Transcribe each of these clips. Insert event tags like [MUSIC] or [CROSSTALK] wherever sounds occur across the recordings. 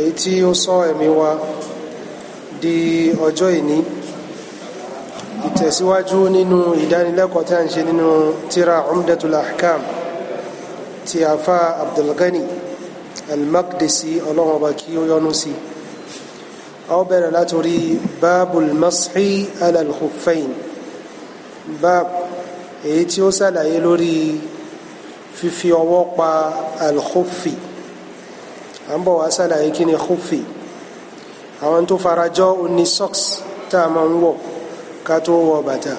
èyí tí ó sọ ẹ̀mí wa di ọjọ́ ìní ìtẹ̀síwájú nínú ìdánilẹ́kọ̀ọ́ tí a ń ṣe nínú tírà umdatul ahkam ti afa abdulgani almakdisi ọlọ́run ọba kí ó yọ́nú sí a ó bẹ̀rẹ̀ látorí babul mashi alalhufain bab èyí tí ó sàlàyé lórí fífi ọwọ́ pa alhufi à asala bọ̀ ni khufi àwọn farajọ́ ní socks tá a kato ń wọ bàtà.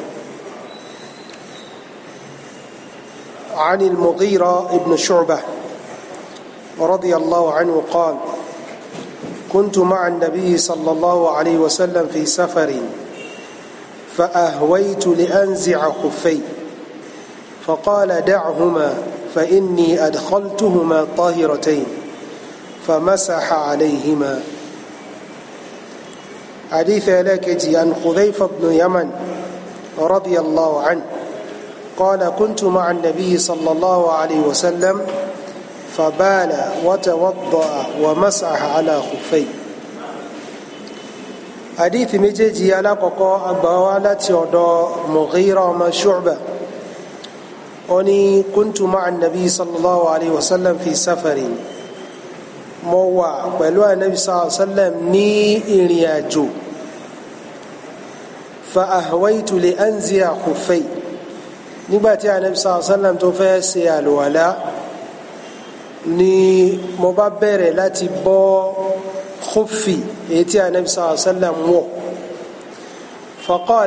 عن المغيرة ابن شعبة رضي الله عنه قال كنت مع النبي صلى الله عليه وسلم في سفر فأهويت لأنزع خفي فقال دعهما فإني أدخلتهما طاهرتين فمسح عليهما حديث لكتي عن خذيفة بن يمن رضي الله عنه قال كنت مع النبي صلى الله عليه وسلم فبال وتوضأ ومسح على خفيه حديث مجيجي على قوة أبوالة يودو مغيرة وما شعبة أني كنت مع النبي صلى الله عليه وسلم في سفر mo wà pẹ̀lú anabi sallallahu alayhi wa sallam ní ìrìn àjò fa ahwaitu li anzi'a khuffay nígbà tí anabi sallallahu alayhi wa sallam tó fẹ́ ṣe àlùwàlá ni mo bá bẹ̀rẹ̀ láti bọ́ khuffi èyí tí anabi sallallahu alayhi wa wọ̀ fa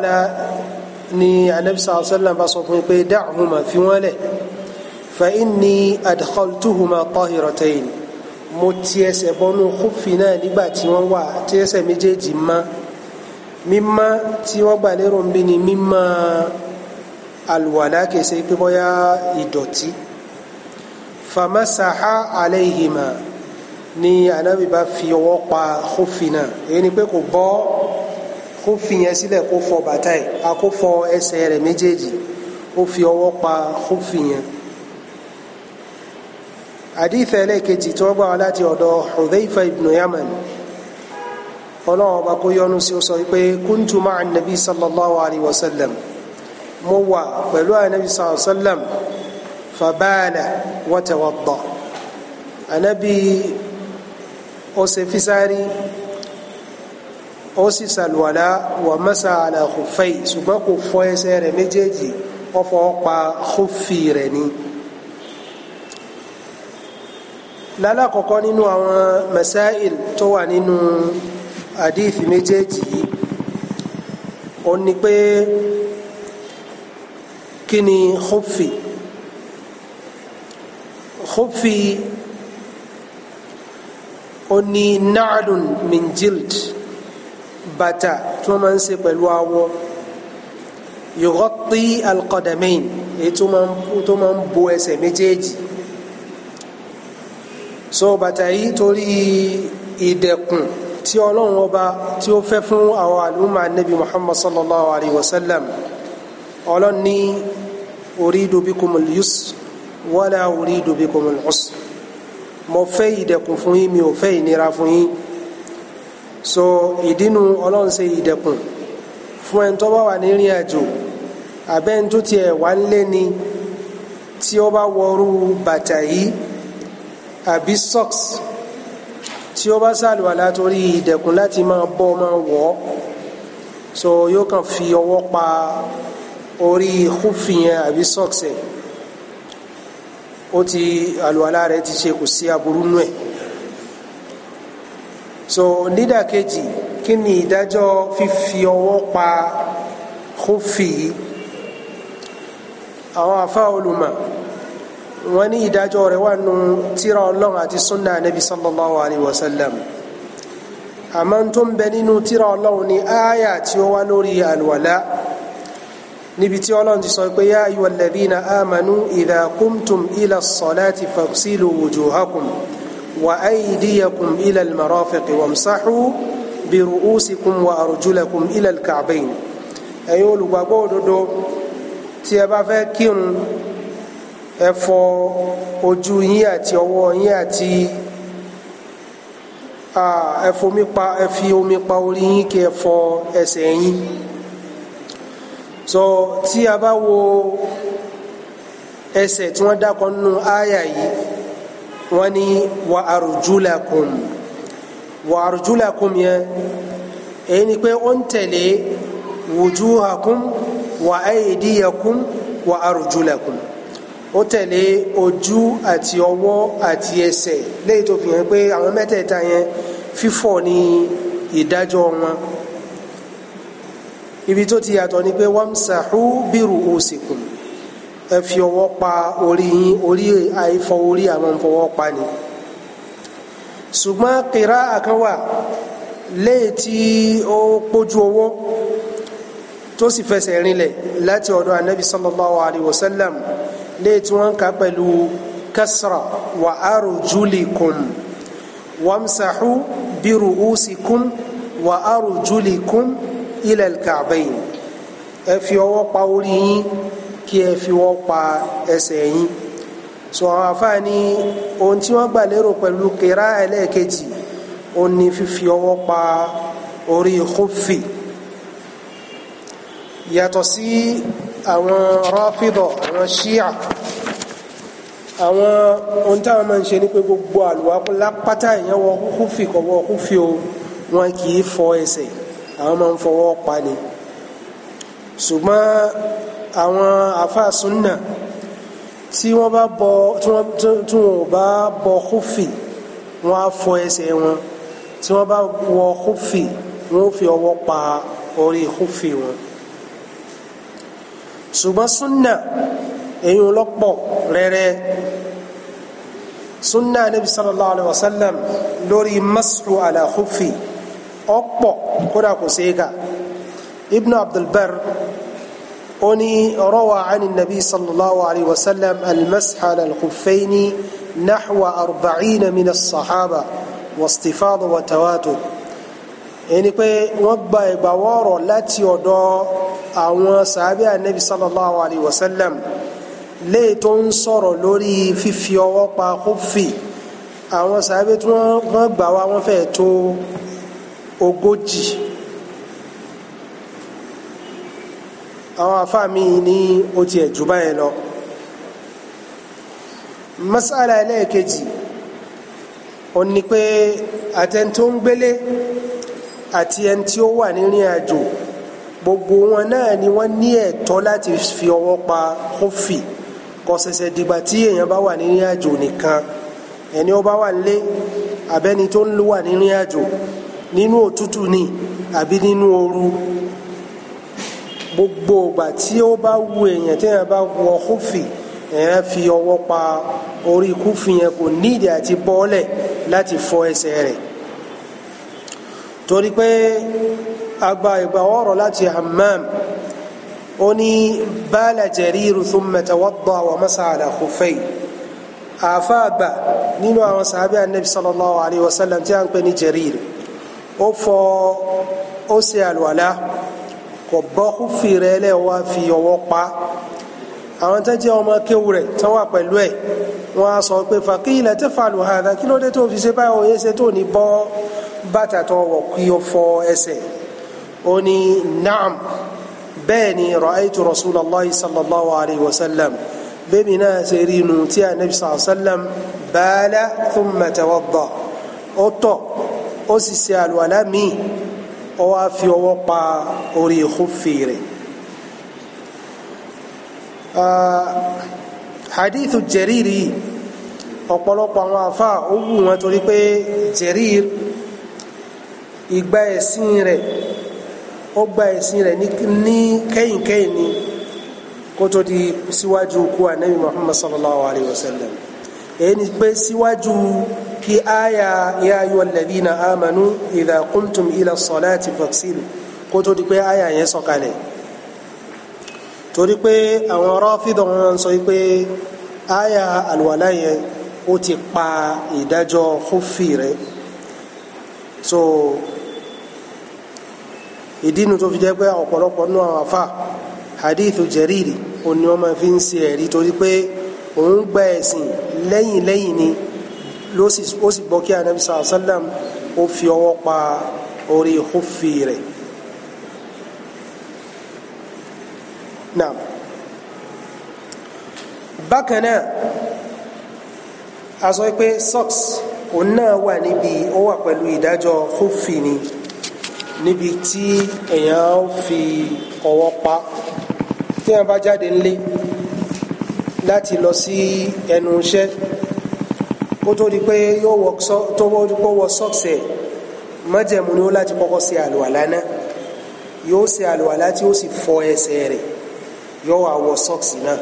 ni anabi sallallahu alayhi bá sọ fún mi pé da'huma fi wọ́n lẹ̀ fa inni adkhaltuhuma tahiratayn mo ti ẹsẹ̀ bọ́nú kúfì náà nígbà tí wọ́n wà tí ẹsẹ̀ méjèèjì mọ́ mímọ́ tí wọ́n gbà lérò ń bí ni mímọ́ àlùwàlá kèsè pé bóyá ìdọ̀tí famasaha alayhima ni anabi bá fi ọwọ́ pa kúfì náà èyí ni pé kò bọ́ kúfì yẹn sílẹ̀ kó fọ bàtà ẹ̀ a kó fọ ẹsẹ̀ rẹ̀ méjèèjì ó fi ọwọ́ pa kúfì yẹn. حديث لك تتوبة على تيودو حذيفة بن يمن ọlọ́run ọba kó yọ́nú sí ó sọ pé kúntù máa nàbí sallallahu alayhi wa sallam mo wà pẹ̀lú ànábì sallallahu alayhi wa sallam fàbáàlà wa tawadda ànábì ó ṣe físárí ó sì ṣàlùwàlá wà masa ala khuffai ṣùgbọ́n kò fọ ẹsẹ̀ rẹ̀ méjèèjì ó fọ pa rẹ̀ ni lálàkọ́kọ́ nínú àwọn masail tó wà nínú àdífi méjèèjì yìí ó ní pé kí ni khuffi khuffi ó ní na'lun min jild bàtà tí wọ́n máa ń ṣe pẹ̀lú awọ yughatti alqadamain èyí tó máa ń bo ẹsẹ̀ méjèèjì so bàtà yìí torí ìdẹ̀kùn tí ọlọ́run ọba tí ó fẹ́ fún àwọn àlùmọ́ anabi muhammad sallallahu alayhi wa sallam ọlọ́run ní uridu bikumul yusr wala uridu bikumul usr mo fẹ́ ìdẹ̀kùn fún yín mi ò fẹ́ ìnira fún yín so ìdínú ọlọ́run ṣe ìdẹ̀kùn fún ẹni tó bá wà ní ìrìn àjò àbẹ́ni tiẹ̀ wá ń lé ni tí ó bá wọrú bàtà yìí àbí socks tí ó bá ṣàlùwàlá torí ìdẹ̀kùn láti máa bọ́ máa wọ̀ ọ́ so yóò kàn fi ọwọ́ pa orí húfì yẹn àbí socks ẹ̀ ó ti àlùwàlá rẹ̀ ti ṣe kò sí aburú nù ẹ̀ so nídàkejì kí ni ìdájọ́ fífi ọwọ́ pa húfì yìí àwọn àfa olùmọ̀ wọ́n ní ìdájọ́ rẹ̀ wà nù tírà ọlọ́run àti sunna anabi sallallahu alayhi wa sallam àmọ́ tó ń bẹ nínú tírà ọlọ́run ní ááyà tí ó wá lórí àlùwàlá níbi tí ọlọ́run ti sọ pé yá ayyuhal ladhina amanu idha qumtum ila as-salati faghsilu wujuhakum wa aydiyakum ila al-marafiqi wamsahu bi ru'usikum wa arjulakum ila al-ka'bayn ẹ̀yin olùgbàgbọ́ òdodo tí ẹ bá fẹ́ kírun ẹ fọ ojú yín àti ọwọ́ yín àti ẹ fomi pa ẹ fi omi pa orí yín kí ẹ fọ yín so tí a bá wo ẹsẹ̀ tí wọ́n dákọ nínú àyà yìí wọ́n ní wà arjulakum wà arjulakum yẹn èyí ni pé ó ń tẹ̀lé wujuhakum wà aydiyakum wà arjulakum ó tẹ̀lé ojú àti ọwọ́ àti ẹsẹ̀ lẹ́yìn tó fi hàn pé àwọn mẹ́tẹ̀ẹ̀ta yẹn fífọ̀ ni ìdájọ́ wọn ibi tó ti yàtọ̀ ni pé wamsahu bi ru'usikum ẹ fi ọwọ́ pa orí yín orí àìfọ orí àwọn fọwọ́ pa ni ṣùgbọ́n kìrá àkànwà léè tí ó pójú ọwọ́ tó sì fẹsẹ̀ rinlẹ̀ láti ọ̀dọ̀ anabi sallallahu alayhi wa sallam léè tí wọ́n ń kà pẹ̀lú kasra wa arjulikum wamsahu bi ru'usikum wa arjulikum ila al-ka'bayn ẹ fi ọwọ́ pa orí yín kí ẹ fi ọwọ́ pa ẹsẹ̀ yín so àwọn afáàní ohun tí wọ́n gbà lérò pẹ̀lú kíra ẹlẹ́ẹ̀kejì ó ní fífi ọwọ́ pa orí khuffi yàtọ̀ sí. Si, àwọn ráfídọ̀ àwọn ṣíà àwọn ohun táwọn máa ń ṣe ní pé gbogbo àlùwákú lápátá èèyàn wọ kúfì kọ̀wọ́ kúfì o wọn kì í fọ ẹsẹ̀ àwọn máa ń fọwọ́ pa ni ṣùgbọ́n àwọn àfáà súnà tí wọ́n bá bọ tí wọ́n tí wọ́n bá bọ kúfì wọ́n á fọ ẹsẹ̀ wọn tí wọ́n bá wọ kúfì wọ́n ó fi ọwọ́ pa orí kúfì wọn. ṣùgbọ́n súnà èyí lọ́pọ̀ rẹ̀rẹ̀ súnà níbi sallallahu alaihi wasallam lórí masru ala khuffi ọ̀pọ̀ kódà kò sí ká ibn abdulbar ó ní rawa ani nabi sallallahu alaihi wasallam sallam almasx ala alkhuffaini nahwa arba'ina min as-sahaba wa وتواتر ẹni pé wọ́n gba ìgbàwọ́ ọ̀rọ̀ láti ọ̀dọ̀ àwọn sàábí ànábi sallallahu alayhi wa sallam léè tó ń sọ̀rọ̀ lórí fífi ọwọ́ pa kófì àwọn sàábí tí wọ́n gbà wá wọ́n fẹ́ẹ̀ tó ogójì àwọn afáàmì ní ó tiẹ̀ jù báyẹn lọ masala ẹlẹ́ẹ̀kejì ó ní pé àtẹ̀ntó ń gbélé àti ẹni tí ó wà nírìn àjò gbogbo wọn náà ni wọ́n ní ẹ̀tọ́ láti fi ọwọ́ pa kófì kò ṣẹ̀ṣẹ̀ dìgbà tí èèyàn bá wà nírìn àjò nìkan ẹni ó bá wà nílé abẹ́ni tó ń wà nírìn àjò nínú òtútù ni àbí nínú ooru gbogbo ìgbà tí ó bá wu èèyàn tí bá wọ kófì èèyàn fi ọwọ́ pa orí kófì yẹn kò nídìí àti bọ́ọ̀lẹ̀ láti fọ ẹsẹ̀ rẹ̀ torí pé agba ìgbà ọ̀rọ̀ láti hammam ó ní bala jariru thumma tawadda wa masa ala khufay àfa àgbà nínú àwọn sàábẹ́ anabi sallallahu alayhi wa sallam tí a ń pè ní jarir ó fọ ó ṣe àlùwàlá kò bọ́ kúfì rẹ̀ lẹ́ wá fi ọwọ́ pa àwọn tó jẹ́ ọmọ kéwù rẹ̀ tó wà pẹ̀lú ẹ̀ wọ́n á sọ pé faqila tafalu hadha kí ló dé tó fi ṣe báyìí òye ṣe tó ní bọ́ bàtà tó wọ̀ kí o fọ ẹsẹ̀ ó ní naam bẹ́ẹ̀ ni ra'aytu rasulallah sallallahu alayhi wa sallam bẹ́ẹ̀ mi náà ṣe rí inú tí a nabi sallallahu alayhi wa sallam baala thumma tawadda ó tọ̀ ó sì ṣe àlùwàlá míì ó wá fi ọwọ́ pa orí khuffi rẹ̀. hadithu jeriri ọ̀pọ̀lọpọ̀ àwọn afa ó wù wọn torí pé jeriri ìgbà ẹ̀sìn rẹ̀ ó gba ẹ̀sìn rẹ̀ ní kẹ́yìnkẹ́yìn ni kó tó di síwájú kú ànábì muhammad sallallahu alayhi wa sallam èyí ni pé síwájú kí áyà ya ayyuhal ladhina amanu idha qumtum ila salati faghsilu kó tó di pé áyà yẹn sọ̀kalẹ̀ torí pé àwọn Rāfidah wọn sọ pé áyà àlùwàlá yẹn ó ti pa ìdájọ́ khufi rẹ̀ so ìdí inú tó fi jẹ́ pé ọ̀pọ̀lọpọ̀ nínú àwọn àfa hadith Jariri òun ni wọ́n máa fi ń ṣe ẹ̀rí torí pé òun gba ẹ̀sìn lẹ́yìn lẹ́yìn ni ó sì gbọ́ kí anabi sallallahu alayhi sallam ó fi ọwọ́ pa orí khuffi rẹ̀. bákan náà a sọ pé socks òun náà wà níbi ó wà pẹ̀lú ìdájọ́ khuffi ni níbi tí èèyàn fi ọwọ́ pa tí èèyàn bá jáde ńlé láti lọ sí ẹnu iṣẹ́ kó tó di pé yóò wọ sọ́ọ̀sì ẹ̀ májẹ̀mú ni ó láti kọ́kọ́ ṣe àlùwàlá náà yóò ṣe àlùwàlá tí ó sì fọ ẹsẹ̀ rẹ̀ yóò wá wọ sọ́ọ̀sì náà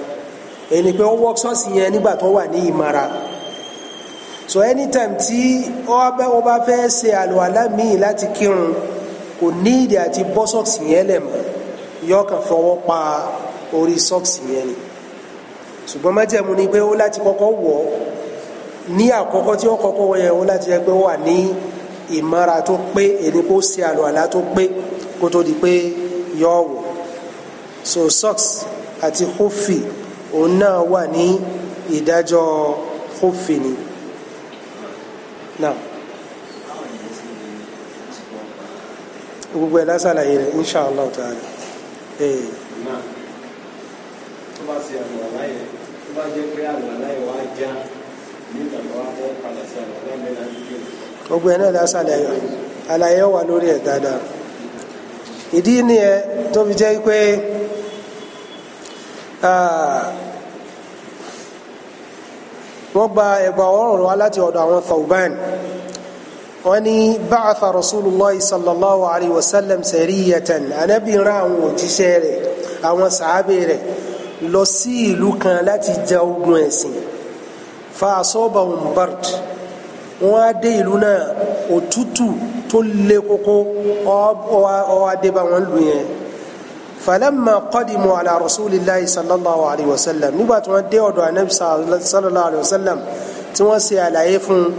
èyí ni pé ó wọ sọ́ọ̀sì yẹn nígbà tó wà ní ìmara so anytime tí ó bá fẹ́ ṣe àlùwàlá míì láti kírun kò ní ìdí àti bọ́ sọ́ọ̀sì yẹn lẹ̀ mọ́ yọ kàn fọwọ́ pa orí sọ́ọ̀sì yẹn ni ṣùgbọ́n májẹ̀mú ni pé ó láti kọ́kọ́ wọ̀ ọ́ ní àkọ́kọ́ tí ó kọ́kọ́ wọ̀ yẹn ó láti jẹ́ pé ó wà ní ìmọ́ra tó pé ẹni kó ṣe àlùwàlá tó pé kó tó di pé yọ wọ̀ so socks àti hófì òun náà wà ní ìdájọ́ hófì ni now. gbogbo ẹ̀ lásàlàyé rẹ̀ insha allah ta'ala. Eh. náà tó bá ṣe àwọn aláyẹ tó bá jẹ́ pé àwọn aláyẹ wá já gbogbo ẹ̀ náà lásàlàyé àlàyé wà lórí ẹ̀ dáadáa ìdí nìyẹn tó fi jẹ́ pé wọ́n gba ẹ̀gbà ọ̀rọ̀ wá láti ọ̀dọ̀ àwọn Thawban wọ́n ní ba'atha rasulullah sallallahu alayhi wa sallam sariyatan anabi rán àwọn òjíṣẹ́ rẹ̀ àwọn sàábẹ̀ rẹ̀ lọ sí ìlú kan láti ja ogun ẹ̀sìn fa asabahum bard wọ́n á dé ìlú náà òtútù tó le koko ó wá wọn lù yẹn falamma qadimu ala rasulillahi sallallahu alayhi wa sallam nígbà tí wọ́n dé ọ̀dọ̀ anabi sallallahu alayhi wa sallam tí wọ́n ṣe àlàyé fún un.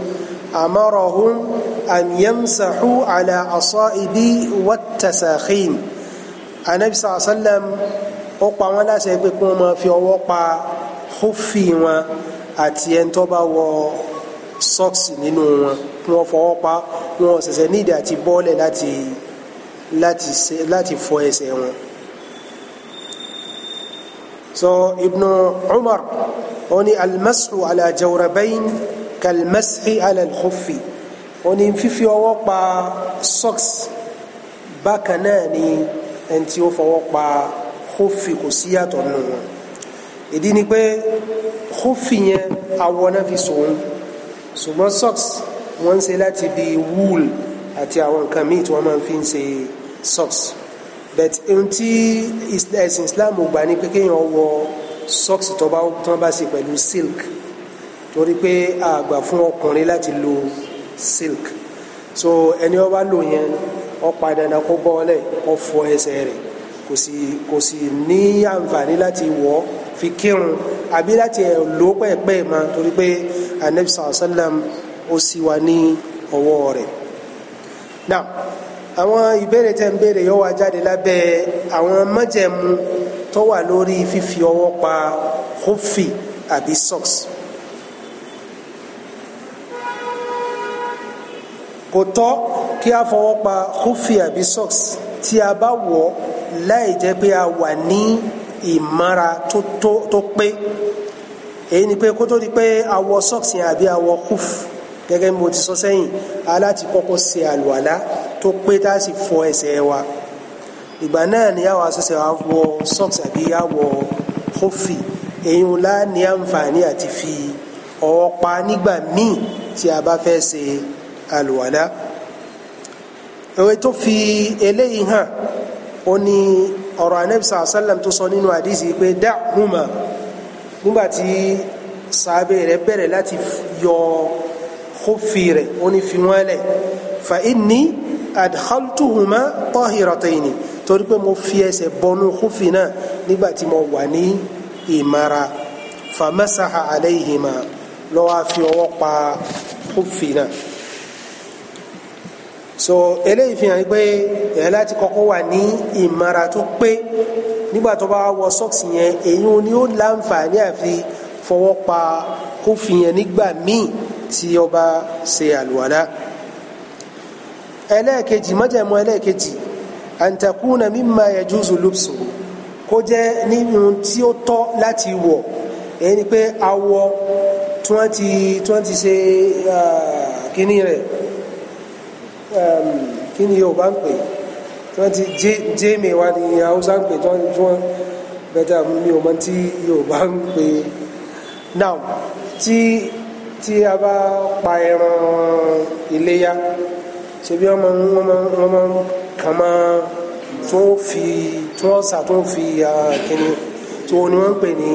أمرهم أن يمسحوا على أصائب والتساخين النبي صلى الله عليه وسلم ó pa wọ́n láṣẹ pé kí wọ́n máa fi ọwọ́ pa hófì wọn àti ẹni tó bá wọ sọ́ọ̀sì nínú wọn kí wọ́n fọwọ́ pa wọn ṣẹ̀ṣẹ̀ nídìí àti bọ́ọ̀lẹ̀ láti láti ṣe láti fọ ẹsẹ̀ wọn. so Ibn Umar ó ní almasu ala jawrabayn kàlmẹ́sì alẹ́lẹ́kọ́fì ó ní fífi ọwọ́ pa socks bákan náà ni ẹni tí ó fọwọ́ pa kọ́fì kò sí yàtọ̀ nù wọn ìdí ni pé kọ́fì yẹn awọ náà fi sòun ṣùgbọ́n socks wọ́n ń ṣe láti bi wool àti àwọn nǹkan míì tí wọ́n máa fi ń ṣe socks but ohun tí Islam ò gbà ní pé kéèyàn wọ socks tó bá ṣe pẹ̀lú silk torí pé àgbà fún ọkùnrin láti lo silk so ẹni ó bá lò yẹn ó pa dandan kó bọ́ọ̀lẹ̀ kó fọ ẹsẹ̀ rẹ̀ kò sì kò sì ní àǹfààní láti wọ̀ fi kírun àbí láti ẹ̀ lò pẹ́ẹ́pẹ́ ma torí pé anabi sàlám ó sì wà ní ọwọ́ rẹ̀ now àwọn ìbéèrè tẹ́ ń béèrè yóò wá jáde lábẹ́ àwọn májẹ̀mú tó wà lórí fífi ọwọ́ pa hófì àbí socks. kò tọ́ kí a fọwọ́ pa kófì àbí socks tí a bá wọ̀ láì jẹ́ pé a wà ní ìmára tó pé èyí ni pé kó tó di pé a wọ̀ socks yẹn àbí a wọ̀ kófì gẹ́gẹ́ bí mo ti sọ sẹ́yìn aláti kọ́kọ́ ṣe àlùwàlá tó pé tá a sì fọ ẹsẹ̀ wa ìgbà náà ni àwọn asọ́sẹ̀ wa wọ socks àbí a wọ̀ kófì èyí ńlá ní àǹfààní àti fi ọwọ́ pa nígbà míì tí a bá fẹ́ ṣe àlùwàlá ewé tó fi eléyìí hàn ó ní ọ̀rọ̀ anabisa asalam tó sọ nínú àdìsí pé dá huma nígbà tí sàábé rẹ̀ bẹ̀rẹ̀ láti yọ kófì rẹ̀ ó ní fi wọ́n lẹ̀ fa inni adhaltuhuma tahirataini torí pé mo fi ẹsẹ̀ bọnú kófì náà nígbà mo wà ní ìmara famasaha alayhima ló wá fi ọwọ́ pa kófì náà so eléyìí fi hàn pé ẹ̀ láti kọ́kọ́ wà ní ìmara tó pé nígbà tó bá wọ socks yẹn èyí ni ó láǹfààní àfi fọwọ́ pa kófì yẹn nígbà míì tí ó bá ṣe àlùwàlá ẹlẹ́ẹ̀kejì májẹ̀mú ẹlẹ́ẹ̀kejì antakuna mimma yajuzu lubsu kó jẹ́ nínú tí ó tọ́ láti wọ̀ èyí ni pé awọ tí wọ́n ti ṣe ah, kíní rẹ̀ kí ni Yorùbá ń pè tí wọ́n ti jéèmì wa ni Haúsá ń pè tí wọ́n bẹ́tà mi ò mọ tí Yorùbá ń pè now tí tí a bá pa ẹran iléyá ṣe bí wọ́n máa ń kàn máa tó fi tó ọ̀sà tó fi kíni tó ni wọ́n ń pè ní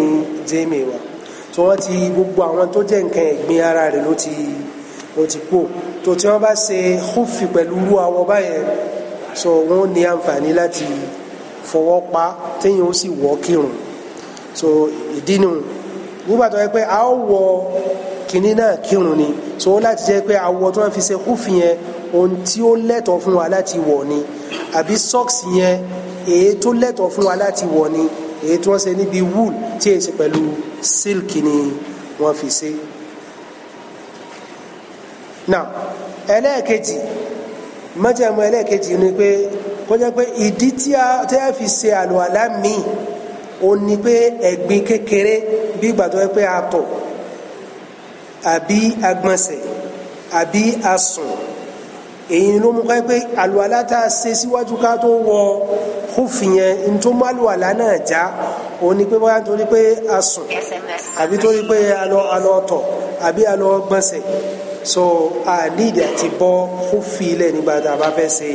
jéèmì wa tí wọ́n ti gbogbo àwọn tó jẹ́ nǹkan ẹ̀gbin ara rẹ̀ ló ti ó ti kú tó tí wọ́n bá ṣe húfì pẹ̀lú irú awọ báyẹn so wọ́n ní àǹfààní láti fọwọ́ pa téèyàn ó sì wọ́ kírun so ìdí nù nígbà tó yẹ pé a ó wọ kínní náà kírun ni so ó láti jẹ́ pé awọ tó wọ́n fi ṣe húfì yẹn ohun tí ó lẹ́tọ̀ọ́ fún wa láti wọ̀ ni àbí socks yẹn èyí tó lẹ́tọ̀ọ́ fún wa láti wọ̀ ni èyí tí wọ́n ṣe níbi wool tí èyí ṣe pẹ̀lú silk ni wọ́n fi ṣe. now ẹlẹ́ẹ̀kejì májẹ̀mú ẹlẹ́ẹ̀kejì ni pé kó jẹ́ pé ìdí tí a tẹ́ fi ṣe àlùwàlá mi ò ní pé ẹ̀gbin kékeré bí ìgbà pé a àbí agbọ̀nsẹ̀ àbí asùn èyí ló mú ká pé àlùwàlá tá a ṣe síwájú ká tó wọ yẹn tó mú àlùwàlá náà já ni pé bóyá nítorí so a need àti bọ́ kó fi ilẹ̀ nígbà tá a bá fẹ́ ṣe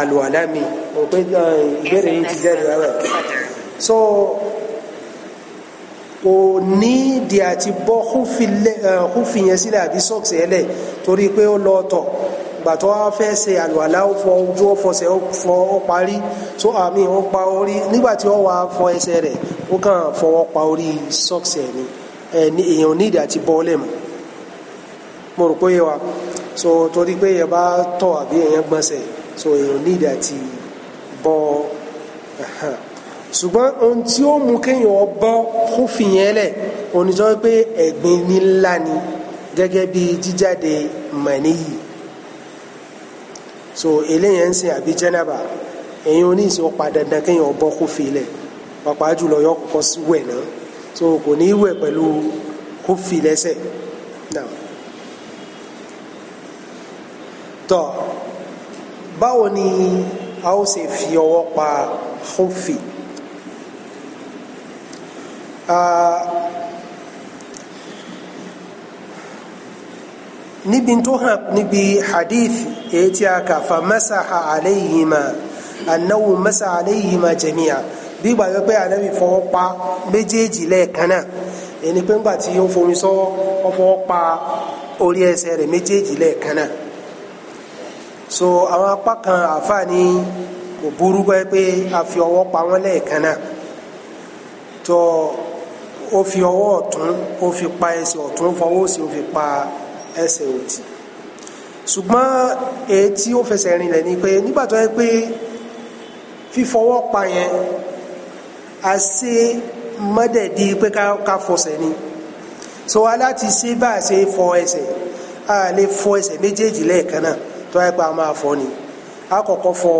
àlùwàlá mi mo pé ìbéèrè yìí ti jáde rárá so kò ní ìdí àti bọ́ kó fi yẹn sílẹ̀ àbí sọ́ọ̀sì ẹlẹ̀ torí pé ó lọ tọ̀ gbàtọ́ wá fẹ́ ṣe àlùwàlá ó fọ ojú ó fọsẹ̀ ó fọ ó parí tó àmì ó pa orí nígbà tí ó wá fọ ẹsẹ̀ rẹ̀ ó kàn fọwọ́ pa orí sọ́ọ̀sì ẹ̀ ni èèyàn nídìí àti bọ́ ọ́ mo rò pé wa so torí pé yẹ bá tọ̀ àbí èèyàn gbọ̀nsẹ̀ so èèyàn nídìí àti bọ́ ṣùgbọ́n ohun tí ó mú kéèyàn bọ́ kó fìyẹn lẹ̀ onítọ́ pé ẹ̀gbin ní ni gẹ́gẹ́ bí jíjáde màníyì so eléyẹn ń sin àbí jẹ́nàbà èyí oníṣẹ́ ọ̀pá dandan kéèyàn bọ́ kó fi lẹ̀ pàpà jùlọ yọ kọ́kọ́ wẹ̀ náà so kò ní í wẹ̀ pẹ̀lú kó fi lẹ́sẹ̀ náà tọ báwo ni a ó ṣe fi ọwọ́ pa hófì níbi tó hàn níbi hadith èyí tí a kà fa masaha alayhima annahu masaha alayhima jami'a bí ìgbà yọ pé ànábì fọwọ́ pa méjèèjì lẹ́ẹ̀kan náà ẹni pé ńgbà tí ó fomi sọ́wọ́ ó fọwọ́ pa orí ẹsẹ̀ rẹ̀ méjèèjì lẹ́ẹ̀kan náà so àwọn apá kan ni? kò burú pẹ́ pé a fi ọwọ́ pa wọ́n lẹ́ẹ̀kan náà tó ó fi ọwọ́ ọ̀tún ó fi pa ẹsẹ̀ ọ̀tún fọwọ́ òsì ó fi pa ẹsẹ̀ òtì ṣùgbọ́n èyí tí ó fẹsẹ̀ rinlẹ̀ ni pé nígbà tó yẹ pé fífọwọ́ pa yẹn a ṣe mọ́dẹ̀dí pé ká fọsẹ̀ ni so aláti ṣe bá a ṣe fọ ẹsẹ̀ a lè fọ ẹsẹ̀ méjèèjì lẹ́ẹ̀kan náà tó yẹ pé a máa fọ ni a kọ́kọ́ fọ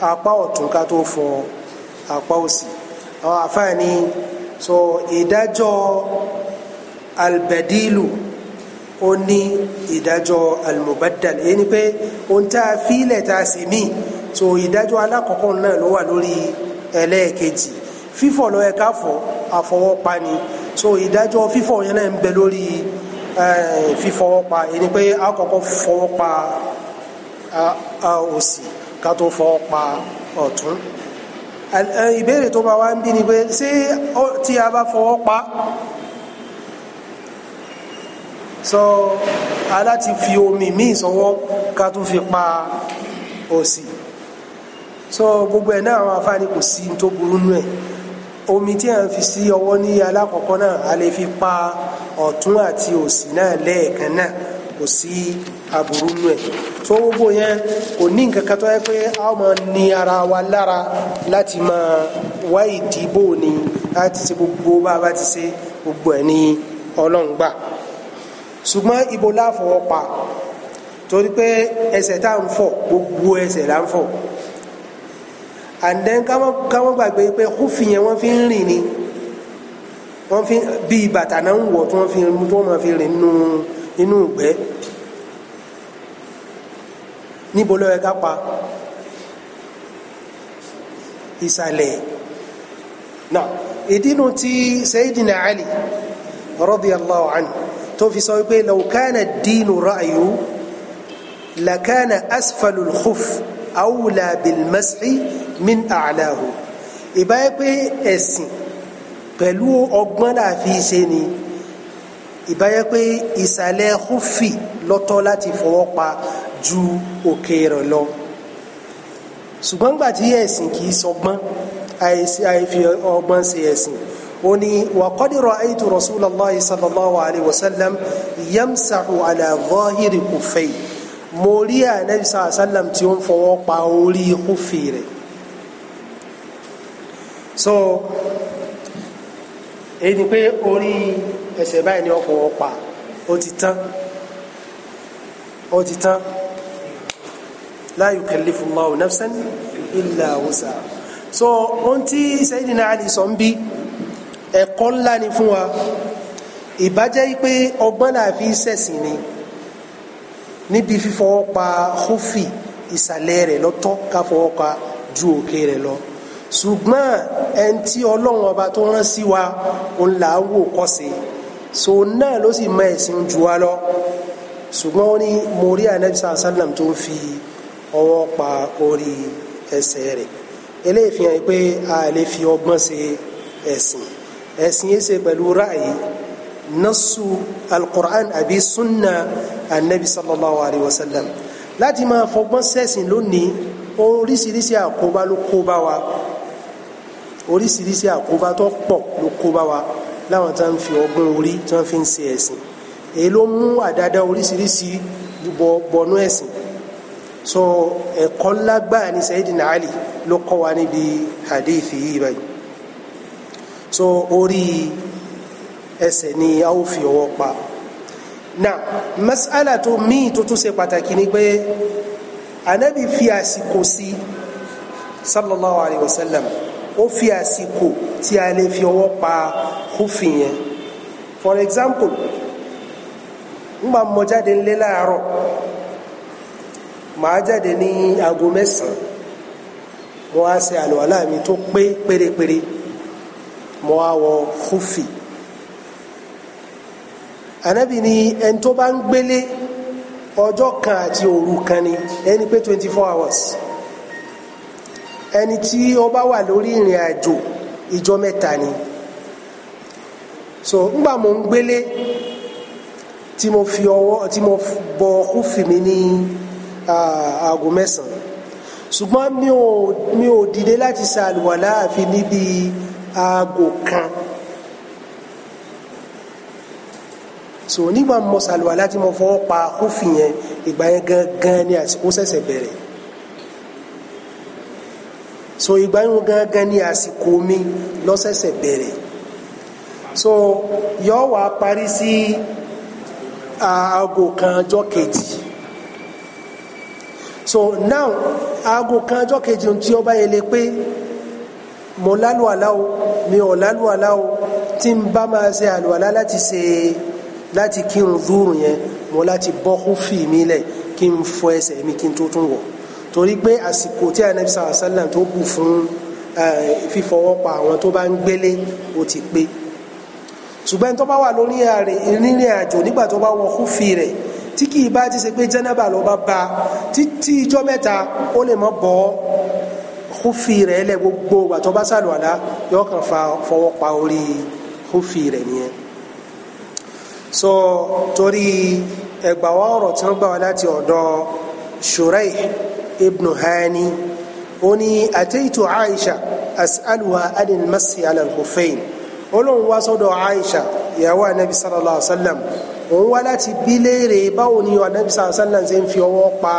apá ọ̀tún ká tó fọ apá òsì àwọn àfáàní sọ ìdájọ́ albadilu ó ní ìdájọ́ almubaddal èyí ni pé ohun tá a fílẹ̀ tá a sì mí so ìdájọ́ alákọ̀ọ́kọ́ náà ló wà lórí ẹlẹ́ẹ̀kejì fífọ̀ ló yẹ ká fọ̀ ni so ìdájọ́ fífọ̀ yẹn náà ń bẹ lórí ẹlẹ́ẹ̀kejì Eh, fífọwọ́ ẹni pé a kọ́kọ́ fọwọ́ òsì ká tó fọwọ́ ọ̀tún eh, ìbéèrè tó bá wá ń bí ni pé ṣé tí a bá fọwọ́ sọ aláti fi omi míì sọwọ́ ká tún fi pa òsì so gbogbo ẹ̀ náà àwọn afáàní kò sí tó burú nù ẹ̀ omi tí a fi sí ọwọ́ ní alákọ̀ọ́kọ́ náà a lè fi pa òsì ọ̀tún àti òsì náà lẹ́ẹ̀kan náà kò sí aburú nù ẹ̀ tó gbogbo yẹn kò ní nǹkan kan tó yẹ pé a máa ní ara wa lára láti máa wá ìdìbò ni láti ṣe gbogbo bá a bá ti ṣe gbogbo ẹ̀ ní ọlọ́run gbà ṣùgbọ́n ibo láfọwọ́ torí pé ẹsẹ̀ tá à ń fọ̀ gbogbo ẹsẹ̀ là ń fọ̀ and then gbàgbé pé kófì yẹn wọ́n fi ń rìn ni wọ́n fi bí bàtà náà ń wọ̀ tí wọ́n fi tó máa fi rìn nínú inú ìgbẹ́ níbo ló yẹ ká pa ìsàlẹ̀ náà ìdínú tí Sayyidina Ali radiyallahu anhu tó fi sọ wípé law kana ad-dinu asfalu al-khuf min a'lahu ìbáyé pé ẹ̀sìn pẹ̀lú ọgbọ́n náà fi ṣe ni ìbáyẹ pé ìsàlẹ̀ húfì lọ́tọ́ láti fọwọ́ pa ju òkè rẹ̀ lọ ṣùgbọ́n gbà tí ẹ̀sìn kì í sọgbọ́n àìfi ọgbọ́n ṣe ẹ̀sìn ó ní wa qad ra'aytu rasulallahi sallallahu alayhi wa sallam yamsahu ala zahiri kuffayhi mo rí ànábì sàlám tí ó ń fọwọ́ pa orí húfì rẹ̀ so èyí ni pé orí ẹsẹ̀ báyìí ni ọkọ̀ ọ̀pá ó ti tán ó ti tán la yukallifu Allahu nafsan illa wusa so ohun tí Sayyidina Ali sọ ń bí ẹ̀kọ́ ńlá ni fún wa ìbájẹ́ pé ọgbọ́n náà fi ń ṣẹ̀sìn ni níbi fífọwọ́ pa hófì ìsàlẹ̀ rẹ̀ lọ́tọ́ ká pa ju òkè rẹ̀ lọ ṣùgbọ́n ẹni tí ọlọ́run ọba tó rán sí wa òun là á wò kọ́sẹ̀ so náà ló sì mọ ẹ̀sìn jù wá lọ ṣùgbọ́n ó ní mo rí anabisa salam tó ń fi ọwọ́ pa orí ẹsẹ̀ rẹ̀ eléyìí fi hàn pé a lè fi ọgbọ́n ṣe ẹ̀sìn ẹ̀sìn yìí ṣe pẹ̀lú ráàyè nasu alukur'an àbí sunna anabi sallallahu alayhi wa sallam láti máa fọgbọ́n ṣẹ̀sìn lónìí oríṣiríṣi àkóbá ló kóbá wa oríṣiríṣi àkóbá tó pọ̀ ló kóbá wa láwọn tó ń fi ọgbọ́n orí tó ń fi ń ṣe ẹ̀sìn èyí ló mú àdáda oríṣiríṣi bọnú ẹ̀sìn so ẹ̀kọ́ ńlá gbáà ní Sayyidina Ali ló kọ́ wa níbi hadithi yìí báyìí so orí ẹsẹ̀ ni a ó fi ọwọ́ pa now mas'ala tó míì tó tún ṣe pàtàkì ni pé anabi fi àsìkò sí sallallahu alayhi wa sallam ó fi àsìkò tí a lè fi ọwọ́ pa kúfì yẹn for example ńgbà mo jáde ńlé láàárọ̀ màá jáde ní aago mẹ́sàn-án mo á ṣe àlùwàlá mi tó pé pérépéré mo á wọ kúfì ànábì ni ẹni tó bá ń gbélé ọjọ́ kan àti òru kan ni ẹni pé twenty four hours ẹni tí ó bá wà lórí ìrìn àjò ìjọ mẹ́ta ni so ngbà mo ń gbélé tí mo fi ọwọ́ tí mo bọ kúfì mi ní aago mẹ́sàn-án ṣùgbọ́n mi ò dìde láti ṣàlùwàlá àfi níbi aago kan so nígbà mo ṣàlùwàlá tí mo fọwọ́ pa kúfì yẹn ìgbà yẹn gangan ni àsìkò ṣẹ̀ṣẹ̀ bẹ̀rẹ̀ so ìgbà yìí gangan ní àsìkò mi lọ́sẹ̀sẹ̀ bẹ̀rẹ̀ so yọ wá parí sí aago kan ọjọ́ kejì so now aago kan ọjọ́ kejì tí ó bá yẹ lè pé mo lálùwàlá o mi ò lálùwàlá o tí n bá máa ṣe àlùwàlá láti ṣe láti kírun dúró yẹn mo láti bọ́ kó fì mí lẹ̀ kí n fọ ẹsẹ̀ mi kí n tó tún wọ̀ torí pé àsìkò tí anabi sàlá sàlám tó bù fún fífọwọ́pa àwọn tó bá ń gbélé ó ti pé ṣùgbọ́n tó bá wà lórí ìrìnrìn àjò nígbà tó bá wọ kúfì rẹ̀ tí kì í bá ti ṣe pé jẹ́nẹ́bà ló bá ba títí ijọ́ mẹ́ta ó lè mọ́ bọ́ kúfì rẹ̀ lẹ̀ gbogbo ìgbà tó bá sàlùwàlá yóò kàn fa fọwọ́ pa orí kúfì rẹ̀ nìyẹn. so torí ẹgbàá ọ̀rọ̀ tí wọ́n gbà wá láti ọ̀dọ̀ Shuraih ibn hani ó ní àtẹ́yìtò aisha as'aluha anil masi alalhufein olóhùn wá sọ́dọ̀ aisha ìyàwó anabi sallallahu alaihi wa sallam òun wá láti bí léèrè báwo ni anabi sallallahu alaihi wa sallam ṣe ń fi ọwọ́ pa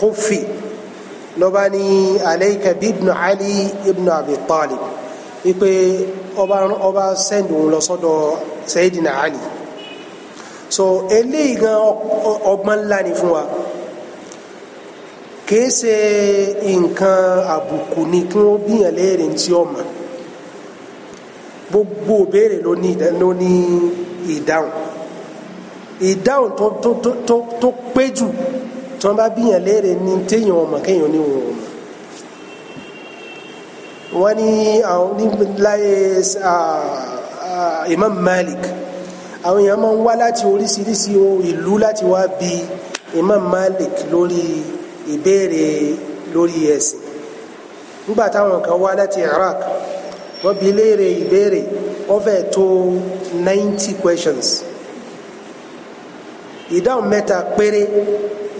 hufi lọ́ba ní aleika bí ibn ali ibn abi talib wípé ọba send òun lọ sọ́dọ̀ sayidina ali so eléyìí gan ọgbọ́n ńlá ni fún wa kìí ṣe nǹkan àbùkù ni kí wọ́n bíyàn léèrè tí ó mọ̀ gbogbo ìbéèrè ló ní ìdáhùn ìdáhùn tó pé jù tí wọ́n bá bíyàn léèrè ní téèyàn ọmọ kéèyàn ní òun ọmọ wọ́n ní àwọn láyé Imam Malik àwọn èèyàn máa ń wá láti oríṣiríṣi ìlú láti wá bi Imam Malik lórí. ìbéèrè lórí ẹ̀sìn nígbà táwọn kan wá láti Iraq wọ́n bi léèrè ìbéèrè wọ́n tó ninety questions ìdáhùn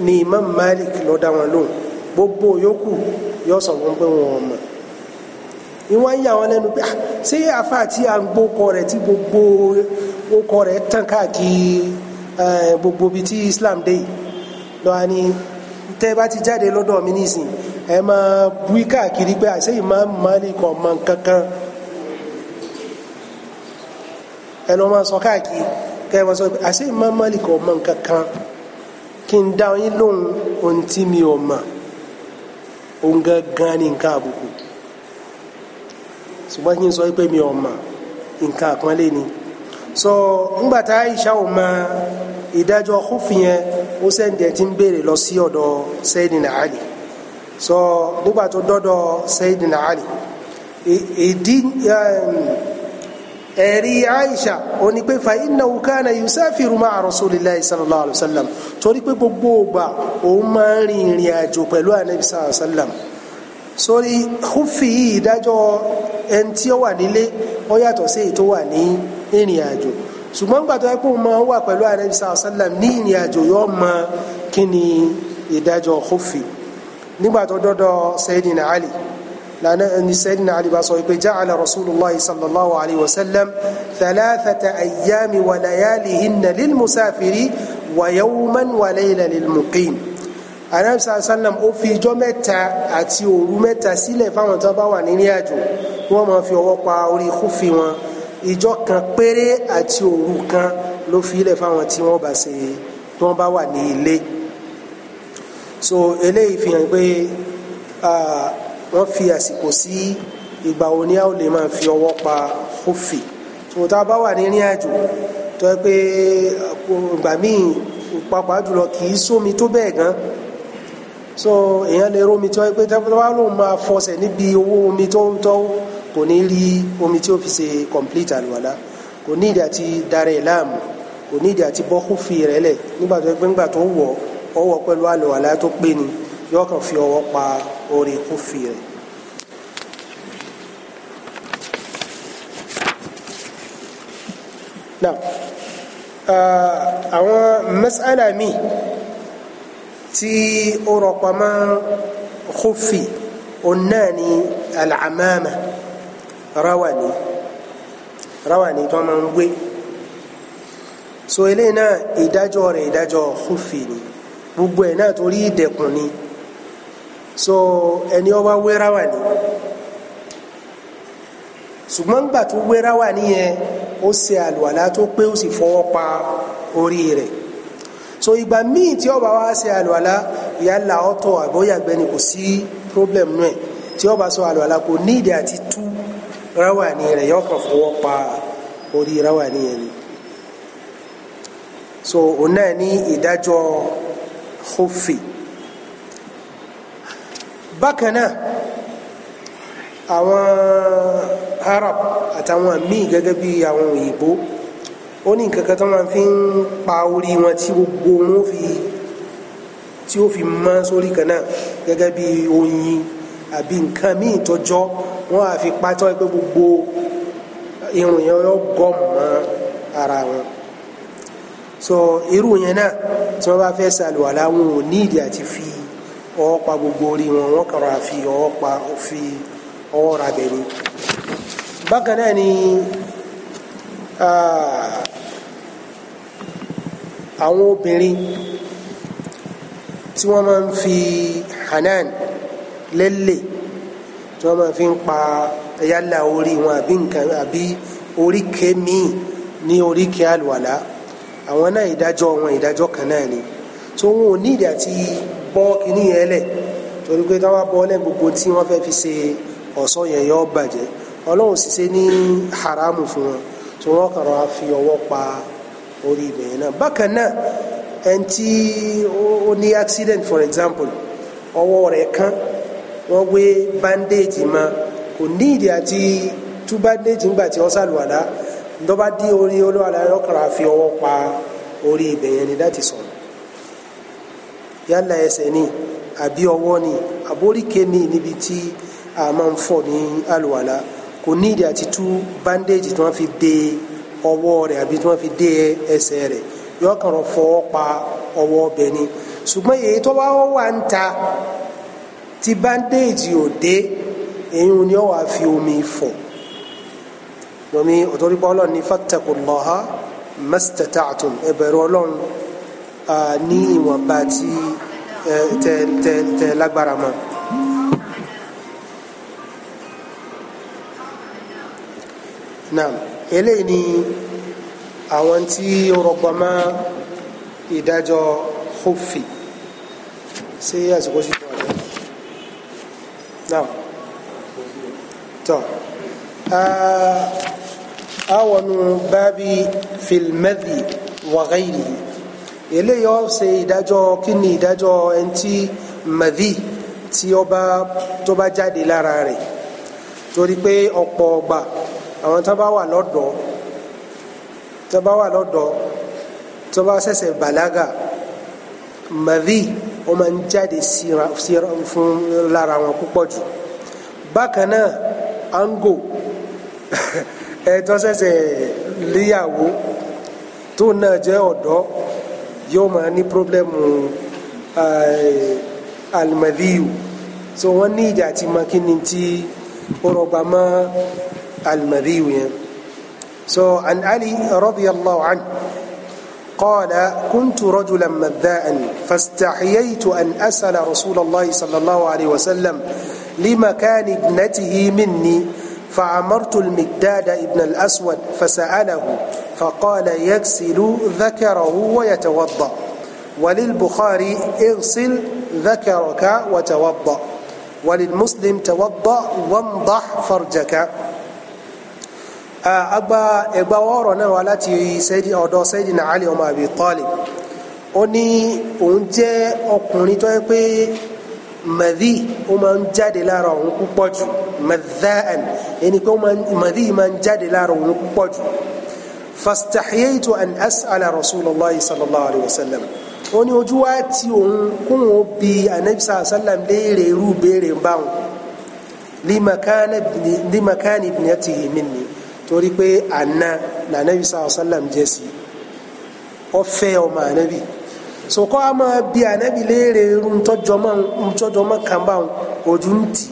ni Imam Malik ló wọn lóhùn gbogbo yòókù yóò sọ wọn pé wọn mọ̀ ìwọ́n ń yà wọn lẹ́nu pé ah, ṣé afa àti àgbókọ rẹ̀ tí gbogbo okọ rẹ̀ tàn káàkiri eh, gbogbo bíi ti Islam dé yìí lọ́wọ́ tẹ́ bá ti jáde lọ́dọ̀ mi nísìn ẹ máa wí káàkiri pé àṣẹ Imam Malik kò mọ kankan ẹ lọ́ máa sọ káàkiri kẹ́ ẹ máa sọ pé àṣẹ Imam Malik kò mọ kankan kí n dá yín lóhùn ohun tí mi ò mọ̀ ohun gangan ni nǹkan àbùkù ṣùgbọ́n kí n sọ pé mi ò mọ̀ nǹkan àpọ́nlé ni so ńgbà tá Aisha ò mọ ìdájọ́ kúfì ó sẹ́ǹdẹ̀ tí ń béèrè lọ sí ọ̀dọ̀ Sayyidina Ali sọ nígbà tó dọ́dọ̀ Sayyidina Ali ìdí ẹ̀rí Aisha ó ní pé fa innahu kana yusafiru ma'a Rasulillahi sallallahu alayhi wa sallam torí pé gbogbo ògbà òun máa ń ìrìn àjò pẹ̀lú anabi sórí kúfì ìdájọ́ ẹni tí ó wà nílé ó yàtọ̀ sí èyí tó wà ní ìrìn àjò ṣùgbọ́n gbàtọ́ ẹ pé òun máa wà pẹ̀lú ànábì sàlám ní ìrìn àjò yóò mọ kí ni ìdájọ́ kófì nígbà tó dọ́dọ̀ Sayyidina Ali ni Sayyidina Ali bá sọ pé ja'ala rasulullah sallallahu alayhi wa sallam thalathata ayyami wa layalihinna lil musafiri wa yawman wa layla lil muqim anabi sallam ó fi ijọ́ mẹ́ta àti òru mẹ́ta sílẹ̀ fáwọn tó bá wà nínú àjò wọ́n máa fi ọwọ́ pa orí kófì wọn ìjọ kan péré àti òru kan ló fi ilẹ̀ fáwọn tí wọ́n bá ṣe tí wọ́n bá wà ní ilé so eléyìí fi hàn pé wọ́n fi àsìkò sí ìgbà òní a ò lè máa fi ọwọ́ pa kófì tó tá a bá wà ní ìrìn àjò tó yẹ pé ìgbà míì pàápàá jùlọ kì í sómi tó bẹ́ẹ̀ gan so èèyàn lè rómi tó yẹ pé tó bá lóun máa fọsẹ̀ níbi owó omi tó ń tọ́ kò ní rí omi tí ó fi ṣe complete àlùwàlá kò ní ìdí àti dára ẹ̀ láàmú kò ní ìdí àti bọ́kú fi rẹ̀ lẹ̀ nígbà tó gbẹ́ngbà tó wọ̀ ọwọ́ pẹ̀lú àlùwàlá tó pé ni yóò kàn fi ọwọ́ pa orí kú fi rẹ̀. Ah, àwọn mas'ala mi tí ó rọpa máa ń kófì òun ni al-amama. al Rawani, rawani tó máa ń wé so eléyìí náà ìdájọ́ rẹ̀ ìdájọ́ fúfì ni gbogbo ẹ̀ náà torí ìdẹ̀kùn ni so ẹni ó bá wé ráwàní ṣùgbọ́n gbà tó wé ráwàní yẹn ó ṣe àlùwàlá tó pé ó sì fọwọ́ pa orí rẹ̀ so ìgbà míì tí ó wa wá ṣe àlùwàlá yálà ọ̀tọ̀ àbóyàgbẹ́ ni kò sí problem náà tí ó bá sọ àlùwàlá kò ní ìdí àti tú Rawani rẹ̀ yọ kàn fọwọ́ pa orí ráwàní yẹn ni so òun náà ní ìdájọ́ hófì bákan náà àwọn Arab àtàwọn míì gẹ́gẹ́ bí àwọn òyìnbó ó ní nǹkan kan tó máa fi ń pa orí wọn tí gbogbo wọn fi tí ó fi mọ́ sórí kan náà gẹ́gẹ́ bí oyin àbí nǹkan míì tọ́jọ́ wọ́n á fi pátọ́ pé gbogbo irun yẹn yọ gọ́ọ̀mù ara wọn so irú yẹn náà tí wọ́n bá fẹ́ ṣàlùwàlá wọn ò ní ìdí àti fi ọwọ́ pa gbogbo orí wọn wọ́n kàn ra fi ọwọ́ pa fi ọwọ́ ra bẹ̀ ni bákan náà ni àwọn obìnrin tí wọ́n máa ń fi hanan lẹ́lẹ̀ wọ́n máa fi ń pa yálà orí wọn àbí nǹkan àbí oríkèé míì ní oríkèé àlùwàlá àwọn náà ìdájọ́ wọn ìdájọ́ kan náà ni tó wọn ò ní ìdí àti bọ́ kínní yẹn lẹ̀ torí pé táwọn bọ́ lẹ̀ gbogbo tí wọ́n fẹ́ fi ṣe ọ̀ṣọ́ yẹn yọ bàjẹ́ ọlọ́run sì ṣe ní haramu fún wọn tó wọ́n kàn ra fi ọwọ́ pa orí ibẹ̀ yẹn náà bákan náà ẹni tí ó ní accident for example ọwọ́ rẹ̀ kán wọ́n wé bandage ma kò ní ìdí àti tú bandage ńgbà tí wọ́n sàlùwàlá dọ́ba dé orí olúwàlá ọkàrà fi ọwọ́ pa orí ibẹ̀ yẹn ni láti sọ̀rọ̀ yálà ẹsẹ̀ ni àbí ọwọ́ ni àbóríkè ni níbi tí a máa ń fọ̀ ní àlùwàlá kò ní ìdí àti tú bandage tí wọ́n fi dé ọwọ́ rẹ̀ àbí tí wọ́n fi dé ẹsẹ̀ rẹ̀ yọkànrọ̀ fọwọ́ pa ọwọ́ ọbẹ̀ ni ṣùgbọ́n èyí tó bá wà ń ta tí bandage ò dé èyí ni ó wàá fi omi fọ̀ lómi òtórí pa ọlọ́run ní fattaqullaha mastata'tum ẹ bẹ̀rù ọlọ́run ní ìwọ̀nba tí tẹ lágbára mọ́. eléyìí ni àwọn tí ó rọgbọ mọ́ ìdájọ́ sí àsìkò sí. نعم طب àwọn bábí fìlmẹ́dì wàgáyìí eléyìí ó ṣe ìdájọ́ kí ni ìdájọ́ ẹni tí mẹ́dì tí ọba tó bá jáde lára rẹ̀ torí pé ọ̀pọ̀ ọgbà àwọn tó bá wà lọ́dọ̀ tó bá wà lọ́dọ̀ tó bá ṣẹ̀ṣẹ̀ bàlágà mẹ́dì ó máa ń jáde síra fún lára wọn púpọ̀ jù bákan náà ango [LAUGHS] ẹ tó ṣẹ̀ṣẹ̀ léyàwó tó náà jẹ́ ọ̀dọ́ yóò máa ní pírọ́blẹ́mù eh, alimadiyu so wọ́n ní ìjà àti makíni tí ó rọgbà mọ́ alimadiyu yẹn so an ali radiyallahu anhu. قال كنت رجلا مذاء فاستحييت أن أسأل رسول الله صلى الله عليه وسلم لمكان ابنته مني فعمرت المداد ابن الأسود فسأله فقال يغسل ذكره ويتوضأ وللبخاري اغسل ذكرك وتوضأ وللمسلم توضأ وانضح فرجك agba ẹgba ọ̀rọ̀ náà wá láti sẹ́dí ọ̀dọ̀ Sayyidina Ali ọmọ Abi Talib ó ní òun jẹ́ ọkùnrin tó yẹ pé màdí ó máa ń jáde lára òun púpọ̀ jù madhaan ẹni pé màdí máa ń jáde lára òun púpọ̀ jù fastahiyetu an as'ala Rasulullah sallallahu alayhi wa sallam ó ní ojú wa ti òun kóun ó bi anabi sallam léèrè irú béèrè báwọn limakani ibniyatihi minni torí pé àna nànàbí sàlọ sàlám jẹ sí ọfẹ ọmọ ànábì sọkọ a máa bi ànábì léèrè ntọjọmọ kàmbá ojú ń tì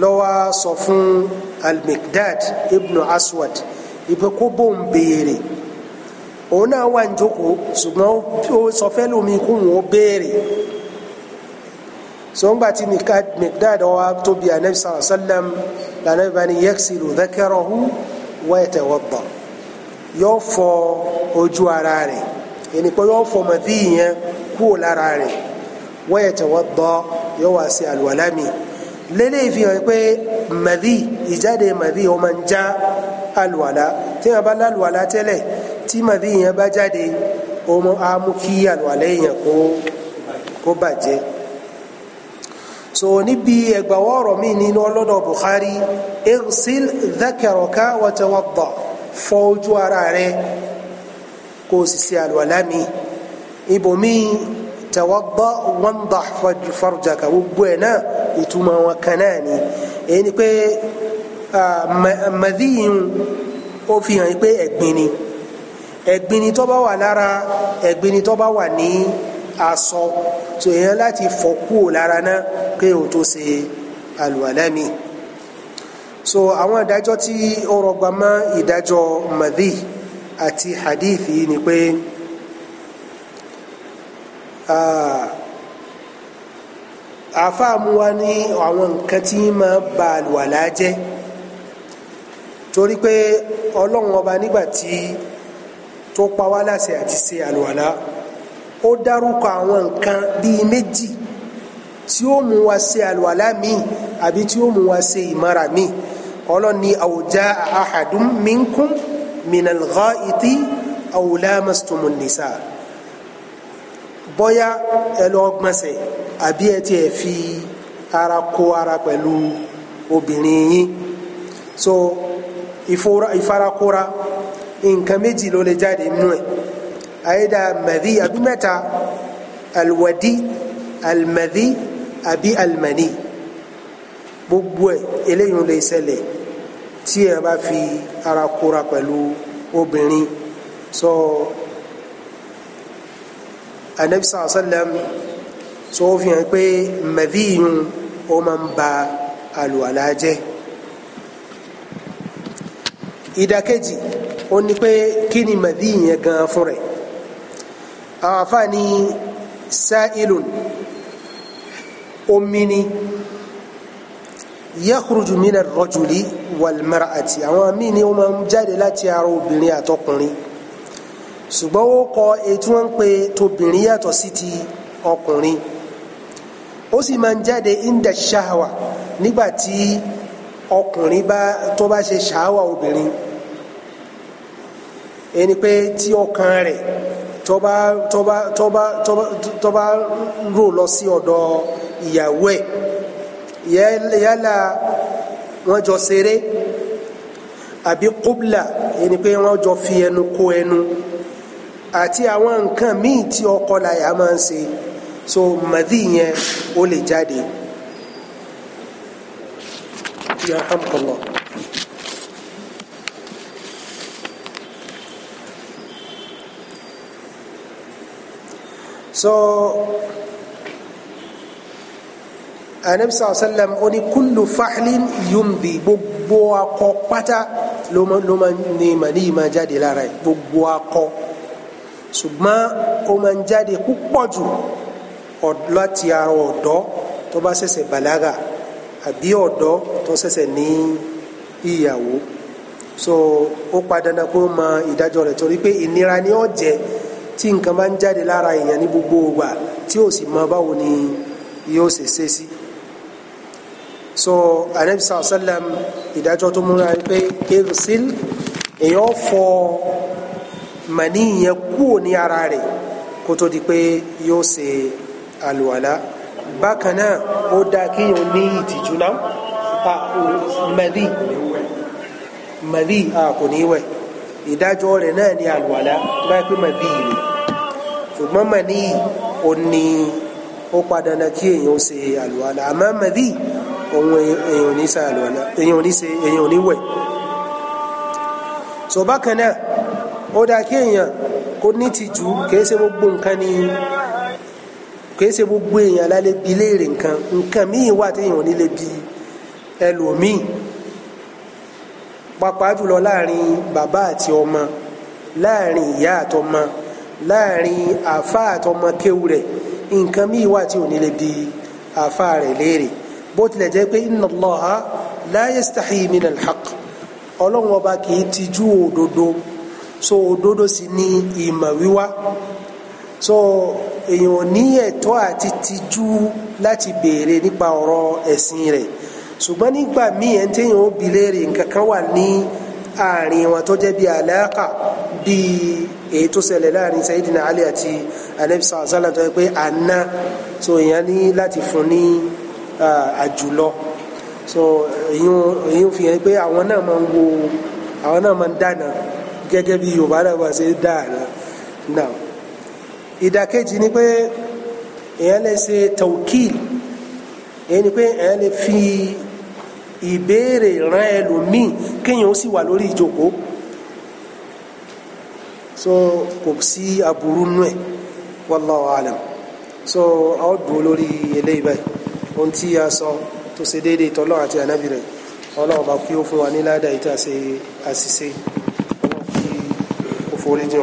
lọ́wọ́ sọ fún al-Miqdad ibn Aswad ibi kó bóun béèrè òun náà wà ní jókòó ṣùgbọ́n ó sọ fẹ́ lómi kó wọn béèrè sọ̀ngbà tí Miqdad ọwa tóbi anabi sallam lànà ìbáni yaksilu dhakarahu wa yatawadda yóò fọ ojú ara rẹ̀ ẹni pé yóò fọ mọ̀dí yẹn kúrò lára rẹ̀ wa yatawadda yóò wá sí àlùwàlá mi lélẹ́yìí fi hàn pé mọ̀dí ìjáde mọ̀dí ó ń já àlùwàlá tí wọ́n bá lálùwàlá tẹ́lẹ̀ tí mọ̀dí yẹn bá jáde ó mú kí àlùwàlá yẹn kó bàjẹ́ so níbi ẹgbàwọ́ ọ̀rọ̀ mi nínú ọlọ́dọ̀ Bukhari irsil dhakaraka watawadda fọ ojú ara rẹ kó o sì ṣe àlùwàlá mi ibòmí tawadda wandah farjaka gbogbo ẹ̀ náà ìtumọ̀ wọn kan náà ni èyí ni pé màdíyìn ó fi hàn pé ẹ̀gbin ni ẹ̀gbin ni tó bá wà lára ẹ̀gbin ni tó bá wà ní aṣọ tó yẹn láti fọ kúrò lára náà pé òun tó ṣe àlùwàlá so àwọn ìdájọ́ tí ó rọgbà mọ́ ìdájọ́ madhi àti hadith yìí ni pé àfáàmù wa ní àwọn nǹkan tí máa ba àlùwàlá jẹ́ torí pé ọlọ́run ọba nígbà tí tó pa wá láṣẹ àti ṣe àlùwàlá ó dárúkọ àwọn nǹkan bíi méjì tí ó mú wa ṣe àlùwàlá míì àbí tí ó mú wa ṣe ìmọ̀ra míì ọlọ́ni aw jaa ahadun minkum minal ghaiti aw lamastumun nisa bọ́yá ẹ àbí ẹ tiẹ̀ fi ara kó ara pẹ̀lú obìnrin yín so ìfarakóra nǹkan méjì ló lè jáde nínú ẹ̀ àyídà mẹ̀dí àbí mẹ́ta alwadi almẹ̀dí àbí almẹ̀ní gbogbo ẹ̀ eléyìí lè ṣẹlẹ̀ tí ẹ bá fi ara kóra pẹ̀lú obìnrin sọ anabisa asalam sọ fi hàn pé mẹ̀dí yìí ó máa ń ba àlùwàlá jẹ́ ìdàkejì ó ní pé kí ni mẹ̀dí yẹn gan fún rẹ̀ àwọn àfáà ní sa'ilun omi ni yakhruju min ar-rajuli wal mar'ati àwọn míì ni ó máa ń jáde láti ara obìnrin àtọkùnrin ṣùgbọ́n ó kọ ètí wọ́n ń pe tobìnrin yàtọ̀ sí ti ọkùnrin ó sì máa ń jáde inda ṣáhàwà nígbà tí ọkùnrin bá tó bá ṣe ṣáhàwà obìnrin ẹni pé tí ọkàn rẹ̀ tó bá tó bá tó bá tó bá tó bá rò lọ sí ọ̀dọ̀ ìyàwó ẹ̀ yálà wọ́n jọ ṣeré àbí kúbla ẹni pé wọ́n jọ fi ẹnu kó ẹnu àti àwọn nǹkan míì tí ọkọ láyà máa ń ṣe so màdí yẹn ó lè jáde. Ya hamkallah. so anabi sàlọ sàlẹm ó ní kúlù fáhlin yumdi gbogbo akọ pátá ló máa ní màníyì máa jáde lára ẹ gbogbo akọ ṣùgbọ́n ó máa ń jáde púpọ̀ jù láti ara ọ̀dọ́ tó bá ṣẹ̀ṣẹ̀ àbí ọ̀dọ́ tó ṣẹ̀ṣẹ̀ ní ìyàwó so ó padà náà kó mọ ìdájọ́ rẹ̀ torí pé ìnira ni ó tí nǹkan bá ń jáde lára èèyàn ní gbogbo ògbà tí ó sì mọ báwo ni yóò ṣe ṣe sí so anabi sàlọ sàlẹm ìdájọ́ tó múra pé kérosíl èèyàn fọ màní yẹn kúò ní ara rẹ̀ kó tó di pé yóò ṣe àlùwàlá bákan náà ó dáa kéèyàn ní ìtìjú náà pa màdí màdí a kò ní wẹ̀ ìdájọ́ rẹ̀ náà ní àlùwàlá tó pé màdí yìí ṣùgbọ́n mani ò ní ó padà náà kí èèyàn ṣe àlùwàlà àmọ́ mani òun èèyàn ò ní ṣe àlùwàlà èèyàn ò ní ṣe èèyàn ò ní wẹ̀ so bákan náà ó dáa kí èèyàn kó ní tìjú kìí ṣe gbogbo nǹkan ni kìí ṣe gbogbo èèyàn lálẹ́ bi léèrè nǹkan nǹkan míì wà téèyàn ò ní lè bi ẹlòmíì pàápàá jùlọ láàrin bàbá àti ọmọ láàrin ìyá àtọmọ láàrin àfa àtọmọ kéwù rẹ̀ nǹkan míì wà tí ò ní lè bi àfa rẹ̀ léèrè bó tilẹ̀ jẹ́ pé inna Allaha la yastahi min al-haq ọlọ́run ọba kì í tijú òdodo so òdodo sì ni ìmọ̀ wíwá so èèyàn ní ẹ̀tọ́ àti tijú láti béèrè nípa ọ̀rọ̀ ẹ̀sìn rẹ̀ ṣùgbọ́n nígbà míì ẹ̀ ń téèyàn ó bi léèrè nǹkan kan wà ní àárín wọn tó jẹ́ bí àlàkà bí èyí tó ṣẹlẹ̀ láàrin Sayyidina Ali àti anabi sàlá tó yẹ pé àná so èèyàn ní láti fún ní àjùlọ so èyí fi hàn pé àwọn náà máa ń wo àwọn náà máa ń dáná gẹ́gẹ́ bí Yorùbá náà máa ṣe náà ìdàkejì ni pé èèyàn lè ṣe tawkil èyí ni pé èèyàn lè fi. ìbéèrè rán ẹlòmíì kéèyàn ó sì wà lórí ìjókòó so kò sí aburú nù ẹ ala so a ó dùn lórí eléyìí báyìí ohun tí a sọ tó ṣe déédéé tọ́lọ́ àti ànábì rẹ̀ ọlọ́run bá kí ó fún wa ní ládàá yìí tá a ṣe àṣìṣe ọlọ́run kí ó forí jìn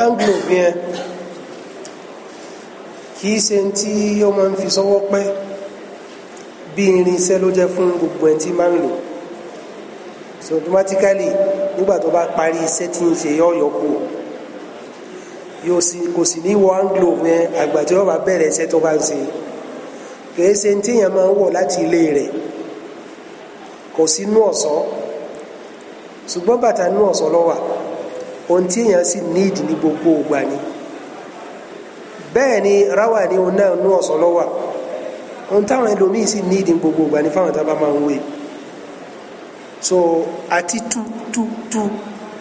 anglo fi hàn kìí ṣe tí ó máa ń fi sọ́wọ́ pẹ́ bí irinṣẹ́ ló jẹ́ fún gbogbo ẹ̀ tí máa ń lò so automatically nígbà tó bá parí iṣẹ́ tí ń ṣe yọ̀ọ̀yọ̀ kù kò sì ní wọ anglo yẹn àgbà tí wọ́n bá bẹ̀rẹ̀ iṣẹ́ tó bá ń ṣe kìí ṣe tí èèyàn máa ń wọ̀ láti ilé rẹ̀ kò sí nú ṣùgbọ́n bàtà nú ọ̀ṣọ́ ló ohun tí èèyàn sì níìdì ní gbogbo ògbà ni bẹ́ẹ̀ ni ráwà ní òun náà nú ọ̀sán lọ́wà ohun táwọn ẹlòmíì sì níìdì ní gbogbo ògbà ni fáwọn tábà máa ń wé so àti tu tu tu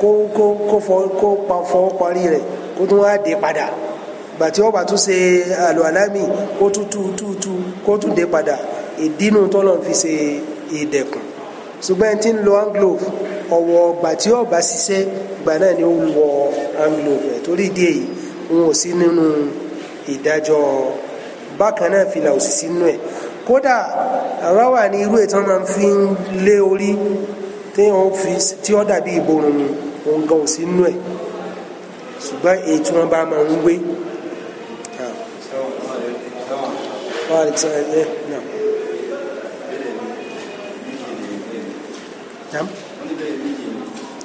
kó kó kó fọ kó pa fọ parí rẹ̀ kó tún wá dé padà gbàtí ọba tún ṣe àlọ́ àlámì kó tún tú tú tú kó tún dé padà ìdínú tọ́lọ̀ fi ṣe ìdẹ̀kùn ṣùgbọ́n tí ń lo hand glove ọwọ́ ọgbà tí ọba ṣiṣẹ́ ìgbà náà ni ó ń wọ amúlòdù ẹ̀ torí ìdí èyí wọn ò sí nínú ìdájọ́ bákan náà fìlà ò sì sí nínú ẹ̀ kódà àráwà ní irú ètò máa fi ń lé orí tí ó dàbí ìborùn ni òun gan ò nínú ẹ̀ ṣùgbọ́n èyí tí wọ́n bá máa ń wé. Nam.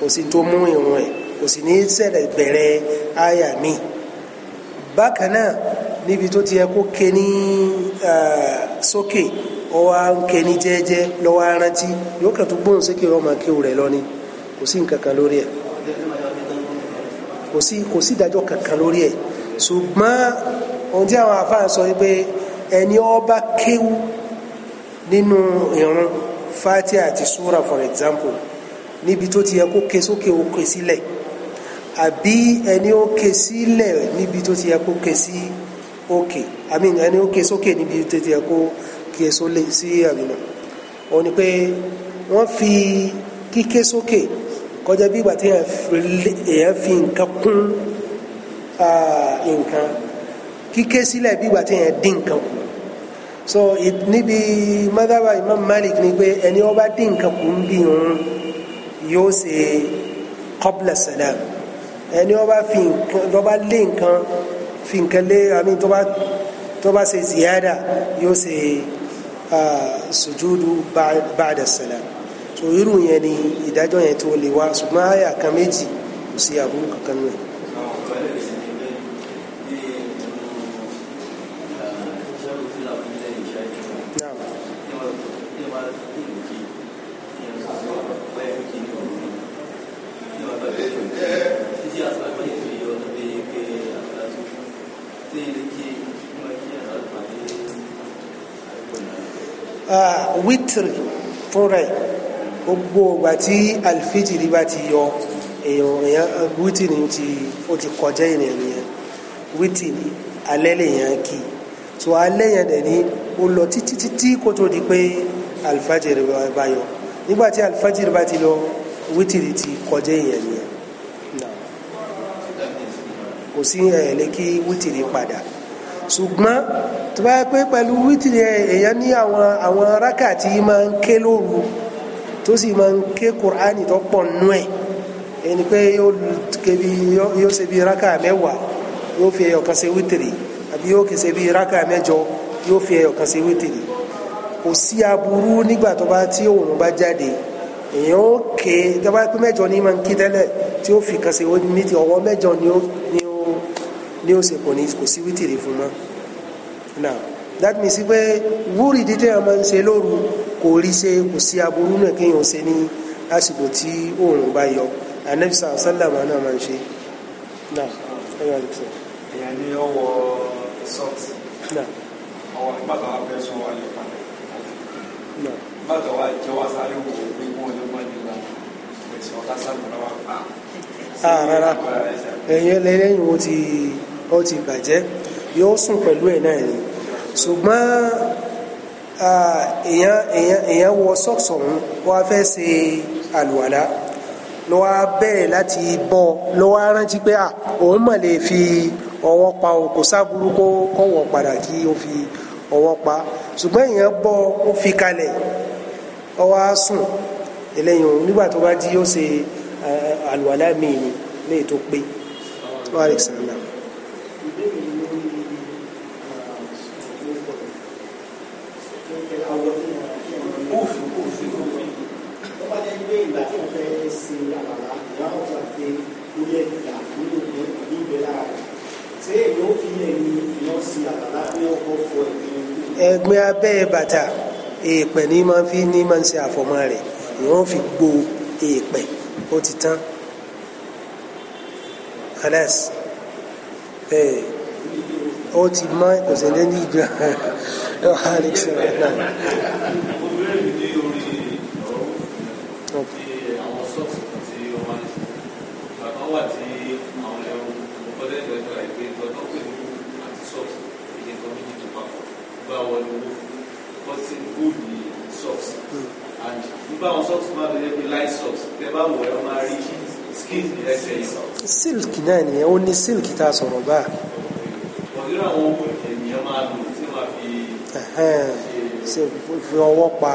kò sí tó mú ìrun ẹ̀ kò sì ní ṣẹlẹ̀ bẹ̀rẹ̀ àyà mi bákan náà níbi tó ti yẹ kó ké ní sókè ọwọ́ ké ní jẹ́ẹ́jẹ́ lọ́wọ́ arántí yóò kàn tó gbóhùn sókè ọmọ kéwù rẹ̀ lọ ni kò sí nǹkan kan lórí ẹ̀ kò sí kò sí ìdájọ́ kankan lórí ẹ̀ ṣùgbọ́n ohun tí àwọn afáà sọ ni pé ẹni ọba kéwù nínú ìrun fatia àti sura for example níbi tó ti yẹ kó ké sókè ó ké sílẹ̀ àbí ẹni ó ké sílẹ̀ níbi tó ti yẹ kó ké sí òkè àmì ẹni ó ké sókè níbi tó ti yẹ kó ké sólè sí àmì òun ni pé wọ́n fi kíké sókè kọjá bí ìgbà tí èèyàn fi nǹkan kún nǹkan kíké sílẹ̀ bí ìgbà tí èèyàn dín nǹkan kù so níbi madhaba Imam Malik ni pé ẹni ó bá dín nǹkan kù ń bí òun yóò ṣe qabla salam ẹni ó bá fi nǹkan tó bá lé nǹkan fi nǹkan lé àmì tó bá tó bá ṣe ziyada yóò ṣe sujudu ba'da salam so irú yẹn ni ìdájọ́ yẹn tó lè wá ṣùgbọ́n àyà kan méjì kò sí àbúrò kankan náà. Witiri fún rẹ̀ gbogbo ìgbà tí alfijiri bá ti yọ èèyàn wítìrì ti ó ti kọjá ìrìn yẹn wítìrì alẹ́ lèèyàn kì í tó alẹ́ yẹn dẹ̀ ni ó lọ títí títí kó tó di pé alfajiri bá yọ nígbà tí alfajiri bá ti lọ wítìrì ti kọjá ìyẹn nìyẹn kò sí ẹ̀ẹ́lẹ́ kí wítìrì padà ṣùgbọ́n tó bá yẹ pé pẹ̀lú wítìrì èèyàn ní àwọn àwọn rákà tí máa ń ké lóru tó sì máa ń ké kùránì tó pọ̀ nú ẹ̀ ẹni pé yóò ṣe bí rákà mẹ́wàá yóò fi ẹyọ̀kan ṣe wítìrì àbí yóò ṣe bí rákà mẹ́jọ yóò fi ẹyọ̀kan ṣe wítìrì kò sí aburú nígbà tó bá tí òun bá jáde èèyàn ó ké tó bá pé mẹ́jọ ní máa ń kí tẹ́lẹ̀ tí ó fi kan ṣe wítìrì ọwọ́ mẹ́jọ ni ó ni ó ṣe kò ní kò sí wítìrì fún mọ́ now that means pé wúrì dídẹ́ ọmọ ń ṣe lóru kò rí ṣe kò sí aburú náà kéèyàn ṣe ní àsìkò tí oòrùn bá yọ anabi sàn sálàmù náà máa ń ṣe now ẹ̀yọ́ àti sọ. èèyàn ní ọwọ́ sọ́ọ̀tì. now ọwọ́ ìgbàgbọ́ àfẹ́sọ̀ wà lè pa. now ìgbàgbọ́ wa jẹ́ wá sáré wò ó pé wọ́n ló máa ń yọ ẹ̀sìn ọ̀tá sálàmù náà wà pa. ah rárá ẹ̀yìn ẹlẹ́yìn wo ti ó ti bàjẹ́ yóò sùn pẹ̀lú ẹ̀ náà ni ṣùgbọ́n èèyàn èèyàn èèyàn wọ socks ọ̀hún wọ́n á fẹ́ ṣe àlùwàlá ló wá bẹ̀rẹ̀ láti bọ́ ló wá rántí pé à òun mọ̀ lè fi ọwọ́ pa o kò sábúrú kó kọ̀wọ́ padà kí o fi ọwọ́ pa ṣùgbọ́n èèyàn bọ́ ó fi kalẹ̀ ó wá sùn eléyìí òun nígbà tó bá jí ó ṣe àlùwàlá mi ni léè pé wàhálà ìsàlẹ̀. ẹgbẹ́ abẹ́ bàtà èèpẹ̀ ní máa fi ní máa ń ṣe àfọ̀mọ́ rẹ̀ ìwọ́n fi gbo èèpẹ̀ ó ti tán alas ẹ ó ti mọ kò sí ní ní ìgbà alex náà. bá àwọn socks máa lè jẹ́ pé light bá wọ̀ ẹ́ máa rí skin ẹsẹ̀ yìí. silk náà nìyẹn ó ní silk tá a sọ̀rọ̀ bá. ọ̀dọ́rọ̀ àwọn ohun ènìyàn máa lò tí wọ́n fi. ṣe fi ọwọ́ pa.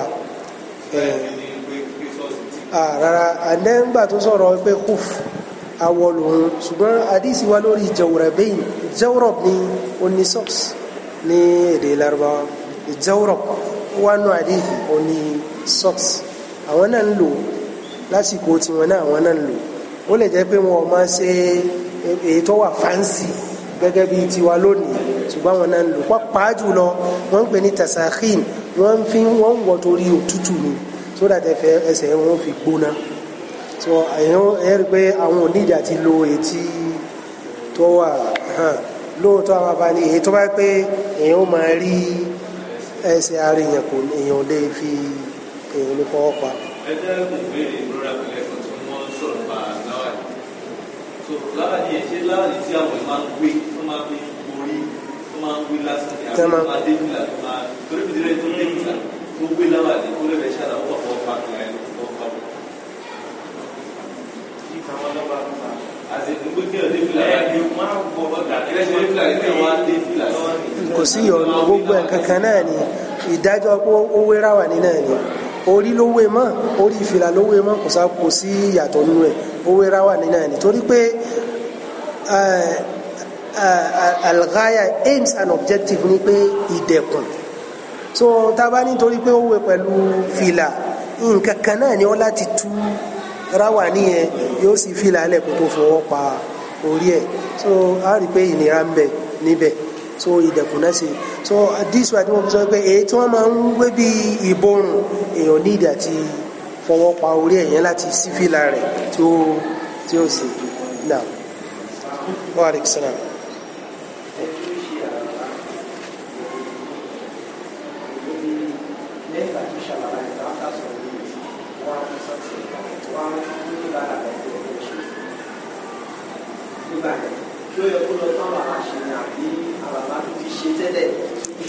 rárá àdẹ́ ńgbà tó sọ̀rọ̀ pé kúf awọ lòun ṣùgbọ́n àdìsí wa lórí jawrabayn jawrab ni ó ní socks ní èdè Lárúbáwá jawrab wánú àdìsí ó ní socks àwọn náà ń lò lásìkò tiwọn náà àwọn náà ń lò ó lè jẹ́ pé wọn ò máa ṣe èyí tó wà fáǹsì gẹ́gẹ́ bí tiwa lónìí ṣùgbọ́n àwọn náà ń lò pàápàá jùlọ wọ́n ń pè ní tasahin wọ́n ń fi wọ́n ń wọ̀ torí òtútù ni tó dàtẹ́ fẹ́ ẹsẹ̀ wọn fi gbóná so ẹ̀yìn pé àwọn onídìí àti lo etí tó wà hàn lóòótọ́ àwọn abáni èyí tó bá pé èèyàn ó máa rí ẹsẹ̀ ara èèyàn lè fi èèyàn ní fọwọ́ pa. ẹ jẹ́ kò béèrè ìrora pẹ̀lẹ́ kan tí wọ́n ń sọ̀rọ̀ pa láwàní so láwàní yẹn ṣé láwàní tí àwọn máa ń gbé tó máa fi borí tó máa ń gbé lásán ní àwọn máa dé fìlà tó máa torí bìtì rẹ tó dé fìlà tó gbé láwàní tó lè fẹ́ ṣàlàyé wọ́n fọwọ́ pa kìlá ẹ̀ lọ́wọ́ pa bọ̀. ìtàwọn lọ́ba ń ta kò sí ìyọnu gbogbo ẹ̀ kankan náà ni ìdájọ́ owó ráwà ní náà ni orí lówó ẹ mọ́ orí ìfìlà lówó ẹ mọ́ kò sá kò sí ìyàtọ̀ nínú ẹ̀ owó ẹ ráwà nínú ẹ̀ nítorí pé alghaya aims and objectives ni pé ìdẹ̀kùn so tá a bá nítorí pé owó ẹ pẹ̀lú fìlà nǹkan kan náà ni ó láti tú ráwà nìyẹn yóò sì fìlà ẹlẹ́kùn tó fọwọ́ pa orí ẹ̀ so a rí i pé ìnira ń bẹ níbẹ̀ so ìdẹ̀kùn náà ṣe so this way tí wọ́n fi sọ pé èyí tí wọ́n máa ń wé bí ìborùn èèyàn ní ìdí àti fọwọ́ pa orí ẹ̀yẹn láti sífìlà rẹ̀ tí ó tí ó sì náà wàhálà ìsìlámù.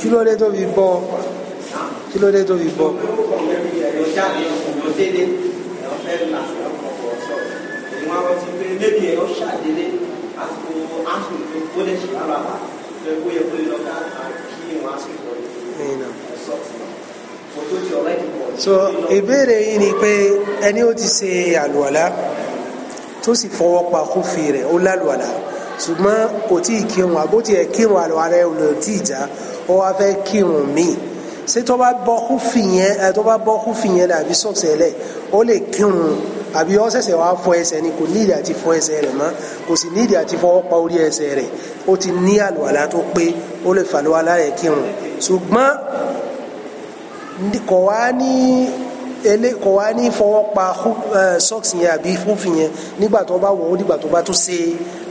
kí ló dé tó fi bọ́ kí ló dé tó fi bọ́. so ìbéèrè yìí ni pé ẹni ó ti ṣe àlùwàlá tó sì fọwọ́ pa kófì rẹ̀ ó lálùwàlá ṣùgbọ́n kò tí ì kírun àbó tí ẹ kírun àlọ́ ara ẹ lò tí ìjà ó wá fẹ́ kírun míì ṣé tó bá bọ́ kúfì yẹn ẹ tó bá bọ́ kúfì yẹn àbí sọ̀ksẹ̀ lẹ̀ ó lè kírun àbí ó ṣẹ̀ṣẹ̀ wá fọ ẹsẹ̀ ni kò nídìí àti fọ ẹsẹ̀ rẹ̀ mọ́ kò sì nídìí àti fọwọ́ pa orí ẹsẹ̀ rẹ̀ ó ti ní àlùwàlá tó pé ó lè fàlùwàlá rẹ̀ kírun ṣùgbọ́n kò wá ní ele kò wá ní fọwọ́ pa socks yẹn àbí fúnfin yẹn nígbà tó bá wọ̀ ó dìgbà tó bá tún ṣe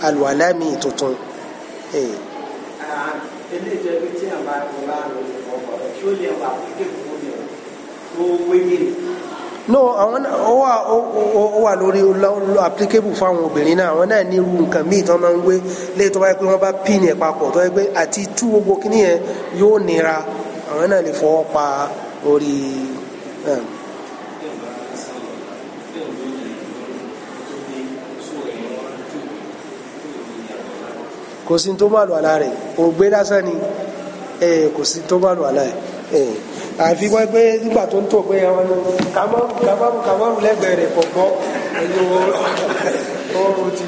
àlùwàlá mi tuntun. ilé ìjọ ibi tí àwọn àgbà ń lò ọkọ̀ tí ó lè wà pé kékeré ó wé no àwọn ọwà ọwà lórí lọ applicable fáwọn obìnrin náà àwọn náà ní irú nǹkan míì tó máa ń wé léyìí tó bá yẹ pé wọ́n bá pin ẹ̀ papọ̀ tó yẹ pé àti tú gbogbo kíní yẹn yóò nira àwọn náà lè fọwọ́ pa orí. Um, kò sí tó bá lọ àlá rẹ̀ ògbé lásán ni ẹ kò sí tó bá lọ àlá rẹ̀ àfi wọ́n pé nígbà tó ń tò pé àwọn kàmárù kàmárù lẹ́gbẹ̀ẹ́ rẹ̀ pọ̀ gbọ́ ẹ̀yìn oorun ti